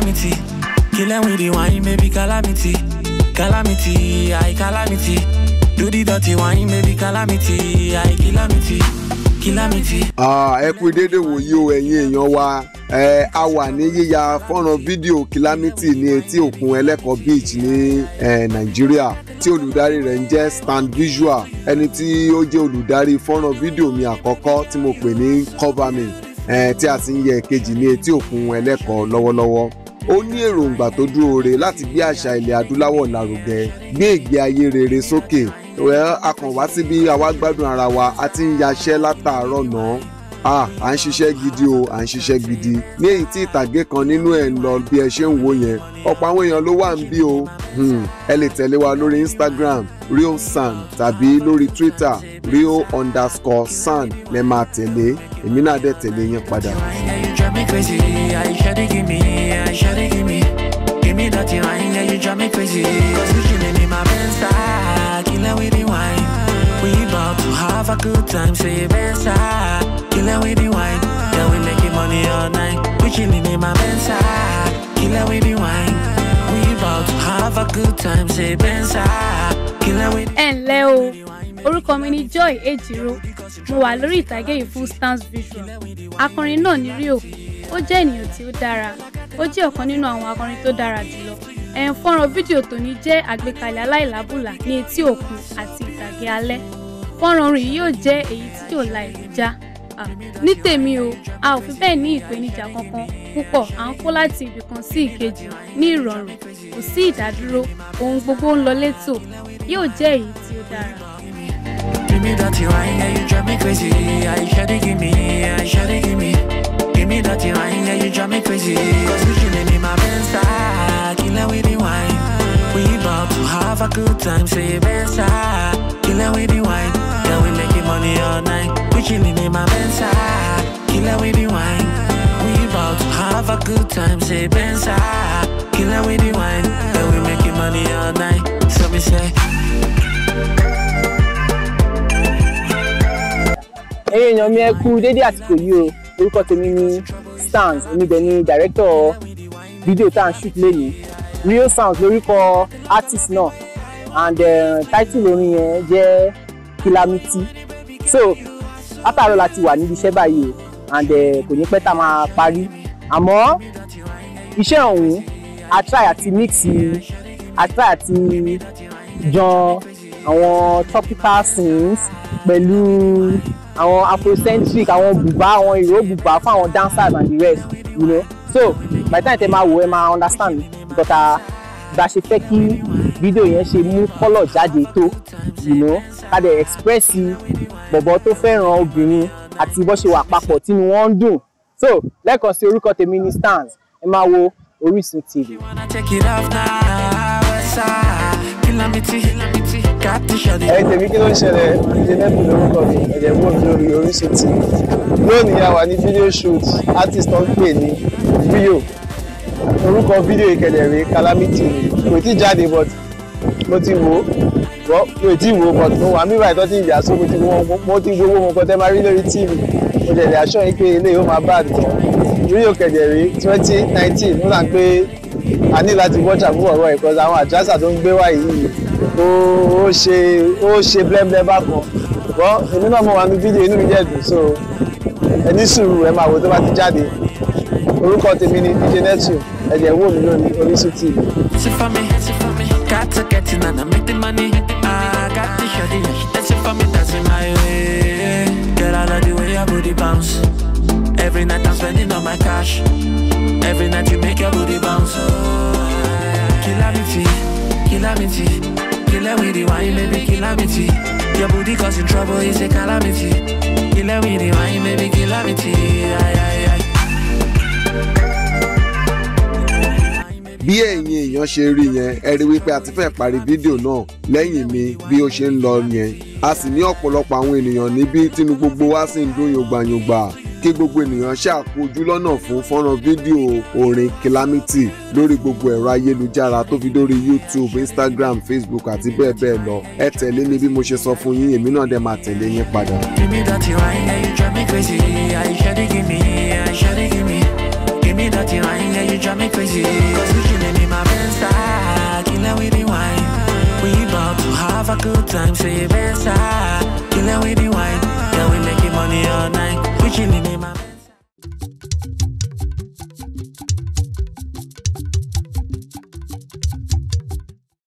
calamity. Killing with the wine, baby calamity. Calamity, I calamity. Do the dirty wine, baby calamity. I calamity. Ah, ẹ kú dédé wòye o ẹ̀yin èèyàn wa ẹ a wà ní yíya fọ́nrán fídíò Calamity ní etí òkun ẹlẹ́kọ̀ọ́ beach ní Nàìjíríà tí olùdarí rẹ̀ ń jẹ́ Stand Visual ẹni tí ó jẹ́ olùdarí fọ́nrán fídíò mi àkọ́kọ́ tí mo pè ní Cover Me tí a sì ń yẹ ìkejì ní etí òkun ẹlẹ́kọ̀ọ́ lọ́wọ́lọ́wọ́ ó ní èròǹgbà tó dúóore láti gbé àṣà ilẹ̀ adúláwọ̀ lárugẹ gbé ìgbé ayé rere sókè well, a kàn wá síbi àwa gbádùn ara wa a ti látàárọ̀ náà à ń ṣiṣẹ́ gidi o à ń ṣiṣẹ́ gidi ní èyí tí ìtàgé kan nínú ẹ̀ ń lọ bí ẹ ṣe ń wo yẹn ọ̀pọ̀ àwọn èèyàn ló wà ń bí o hmm, ẹ lè tẹ̀lé wa lórí Instagram realsan tàbí lórí Twitter real underscore san lẹ́ máa tẹ̀lé èmi náà dẹ̀ tẹ̀lé yẹn padà. We about to have a good time, say better. Killer with the wine, yeah, we making money all night. We in my man's Killer with the wine, we about to have a good time, say Ben's Killer with. Ẹ ǹlẹ́ o, orúkọ mi ni Joy Ejiro, mo wà lórí ìtàgé yìí fún Stance Visual. Akọrin náà ni Rio, ó jẹ́ ènìyàn tí ó dára, ó jẹ́ ọ̀kan nínú àwọn akọrin tó dára jùlọ. Ẹ̀n fọ́nrán fídíò tòní jẹ́ àgbékalẹ̀ aláìlábùlà ní etí òkun àti ìtàgé alẹ́. Fọ́nrán orin yìí yóò jẹ́ èyí tí yóò la ìlú já ní tèmi o a ò fi bẹ́ẹ̀ ní ìpèníjà kankan púpọ̀ à ń kó láti ibì kan sí ìkejì ní ìrọ̀rùn kò sí ìdádúró ohun gbogbo ń lọ létò yóò jẹ́ èyí tí ó dára. Give me that wine, yeah, you drive me crazy. I should give me, I should give me. Give me that wine, yeah, you drive me crazy. Cause you chillin' in my Benz, I kill with the wine. We about to have a good time, say Benz, ah, kill with the wine. Girl, we making money all night. We chilling in my Benz Killer, we be wine. We about to have a good time. Say Benz Killer, we be wine. Girl, we making money all night. So we say. ẹ̀yin èèyàn mi ẹ kú dédé àsìkò yìí o orúkọ tèmi ni Stans oníbẹ̀ ni dàrẹ́tọ̀ fídíò tá à ń shoot lẹ́yìn Real Sounds lórúkọ artist náà and eh, title orin yẹn jẹ́ kílámítì so látàárọ̀ la ti wà níbi iṣẹ́ báyìí o and eh, kò ní pẹ́ tá a máa parí àmọ́ iṣẹ́ ọ̀hún a try àti mix a try àti jan àwọn tropical scenes pẹ̀lú àwọn afrocentric àwọn bùbá àwọn ìró bùbá fún àwọn dancers and the rest you know so by the time tẹ máa wò ẹ máa understand nǹkan tá bá ṣe fẹ́ kí fídíò yẹn ṣe mú kọ́lọ̀ jáde tó you know ká dẹ̀ ẹ̀xprẹ́sì bọ̀bọ̀ tó fẹ́ràn obìnrin àti bó ṣe wà papọ̀ tínú wọn ń dùn so lẹ́ẹ̀kan sí orúkọ tèmi ni Stance ẹ máa wo Orísun TV. ẹ̀yin tèmi kí ló ń ṣẹlẹ̀ ìdílé lẹ́kùn lórúkọ mi ẹ̀jẹ̀ wò mí lórí Orísun TV lónìí a wà ní fídíò shoot artist tó ń pè ní Rio orúkọ fídíò ìkẹlẹ̀ rèé calamity kò tí jáde but mo ti wò ó bọ́ mi ò tí ì wò ó but mo wà mí báyìí tó ti ń yà so mo ti wo mo ti gbogbo mo kọ́ tẹ́ máa rí lórí tv mo dẹ̀ lè aṣọ yín pé ilé yóò máa bá àdìtàn fídíò ìkẹlẹ̀ rèé twenty nineteen mo là ń pé a ní láti watch àbúrò ọ̀rọ̀ ẹ̀ because àwọn àjàsà tó ń gbé wá yìí ó ṣe ó ṣe blẹ́blẹ́ bákan ṣùgbọ́n èmi náà mo wà ní fídíò inú mi jẹ́ dùn so ẹ ní sùúrù ẹ máa wò tó bá ti jáde orúkọ tèmi ni DJ Neptune. and they will know on Sit for me, sit for me. Got to get in and I make the money. I got the shawty, that's it for me, that's in my way. Girl, I love the way your booty bounce. Every night I'm spending all my cash. Every night you make your booty bounce. Oh, killer beauty, killer beauty, killer with the wine, baby, killer beauty. Your booty causing trouble, it's a calamity. Killer with the wine, baby, calamity. Aye, bí ẹ̀yin èèyàn ṣe rí yẹn ẹ rí wípé a ti fẹ́ parí fídíò náà lẹ́yìn mi bí ó ṣe ń lọ yẹn a sì ní ọ̀pọ̀lọpọ̀ àwọn ènìyàn níbí tínú gbogbo wa sì ń dún yògbàyògbà kí gbogbo ènìyàn ṣàkójú lọ́nà fún fọ́nrán fídíò orin Kilamity lórí gbogbo ẹ̀rọ ayélujára tó fi dórí YouTube Instagram Facebook àti bẹ́ẹ̀ bẹ́ẹ̀ lọ ẹ tẹ̀lé mi bí mo ṣe sọ fún yín èmi náà dẹ̀ máa tẹ̀lé yín padà. èmi dọ̀tí wáyé you drive me crazy àìṣẹ́dí gímí àìṣẹ́dí gímí èmi dọ̀tí wáyé you drive me crazy. time, say so you better. Kill with the wine, yeah, we making money all night. We chillin' in my